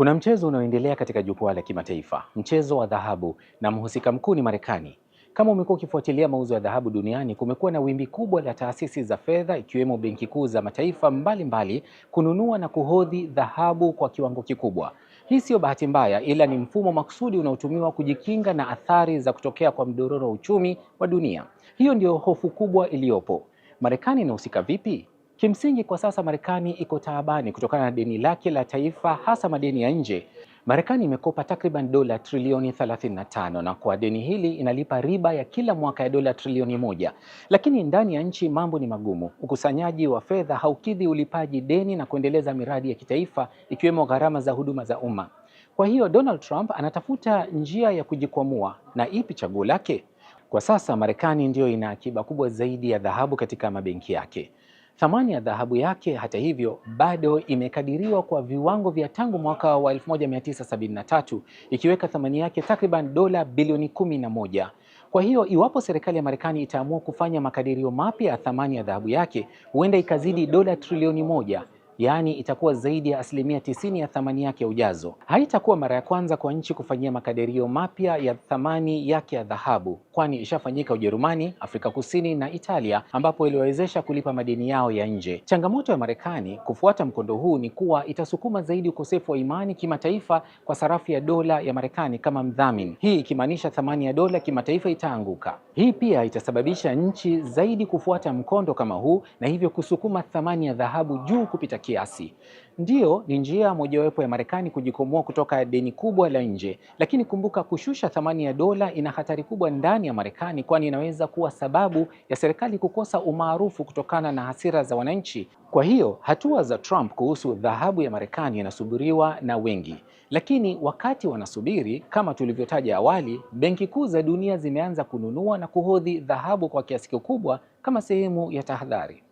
Kuna mchezo unaoendelea katika jukwaa la kimataifa, mchezo wa dhahabu, na mhusika mkuu ni Marekani. Kama umekuwa ukifuatilia mauzo ya dhahabu duniani, kumekuwa na wimbi kubwa la taasisi za fedha ikiwemo benki kuu za mataifa mbalimbali mbali, kununua na kuhodhi dhahabu kwa kiwango kikubwa. Hii siyo bahati mbaya, ila ni mfumo maksudi unaotumiwa kujikinga na athari za kutokea kwa mdororo wa uchumi wa dunia. Hiyo ndiyo hofu kubwa iliyopo. Marekani inahusika vipi? Kimsingi kwa sasa Marekani iko taabani kutokana na deni lake la taifa, hasa madeni ya nje. Marekani imekopa takriban dola trilioni 35 na kwa deni hili inalipa riba ya kila mwaka ya dola trilioni moja. Lakini ndani ya nchi mambo ni magumu. Ukusanyaji wa fedha haukidhi ulipaji deni na kuendeleza miradi ya kitaifa ikiwemo gharama za huduma za umma. Kwa hiyo Donald Trump anatafuta njia ya kujikwamua, na ipi chaguo lake? Kwa sasa Marekani ndiyo ina akiba kubwa zaidi ya dhahabu katika mabenki yake. Thamani ya dhahabu yake hata hivyo bado imekadiriwa kwa viwango vya tangu mwaka wa 1973 ikiweka thamani yake takriban dola bilioni kumi na moja. Kwa hiyo iwapo serikali ya Marekani itaamua kufanya makadirio mapya ya thamani ya dhahabu yake huenda ikazidi dola trilioni moja yaani itakuwa zaidi ya asilimia tisini ya thamani yake ya ujazo. Haitakuwa mara ya kwanza kwa nchi kufanyia makadirio mapya ya thamani yake ya dhahabu, kwani ishafanyika Ujerumani, Afrika Kusini na Italia, ambapo iliwawezesha kulipa madeni yao ya nje. Changamoto ya Marekani kufuata mkondo huu ni kuwa itasukuma zaidi ukosefu wa imani kimataifa kwa sarafu ya dola ya Marekani kama mdhamini, hii ikimaanisha thamani ya dola kimataifa itaanguka. Hii pia itasababisha nchi zaidi kufuata mkondo kama huu na hivyo kusukuma thamani ya dhahabu juu kupita kiasi. Ndiyo, ni njia mojawapo ya Marekani kujikomboa kutoka deni kubwa la nje, lakini kumbuka, kushusha thamani ya dola ina hatari kubwa ndani ya Marekani, kwani inaweza kuwa sababu ya serikali kukosa umaarufu kutokana na hasira za wananchi. Kwa hiyo hatua za Trump kuhusu dhahabu ya Marekani inasubiriwa na wengi, lakini wakati wanasubiri, kama tulivyotaja awali, benki kuu za dunia zimeanza kununua na kuhodhi dhahabu kwa kiasi kikubwa kama sehemu ya tahadhari.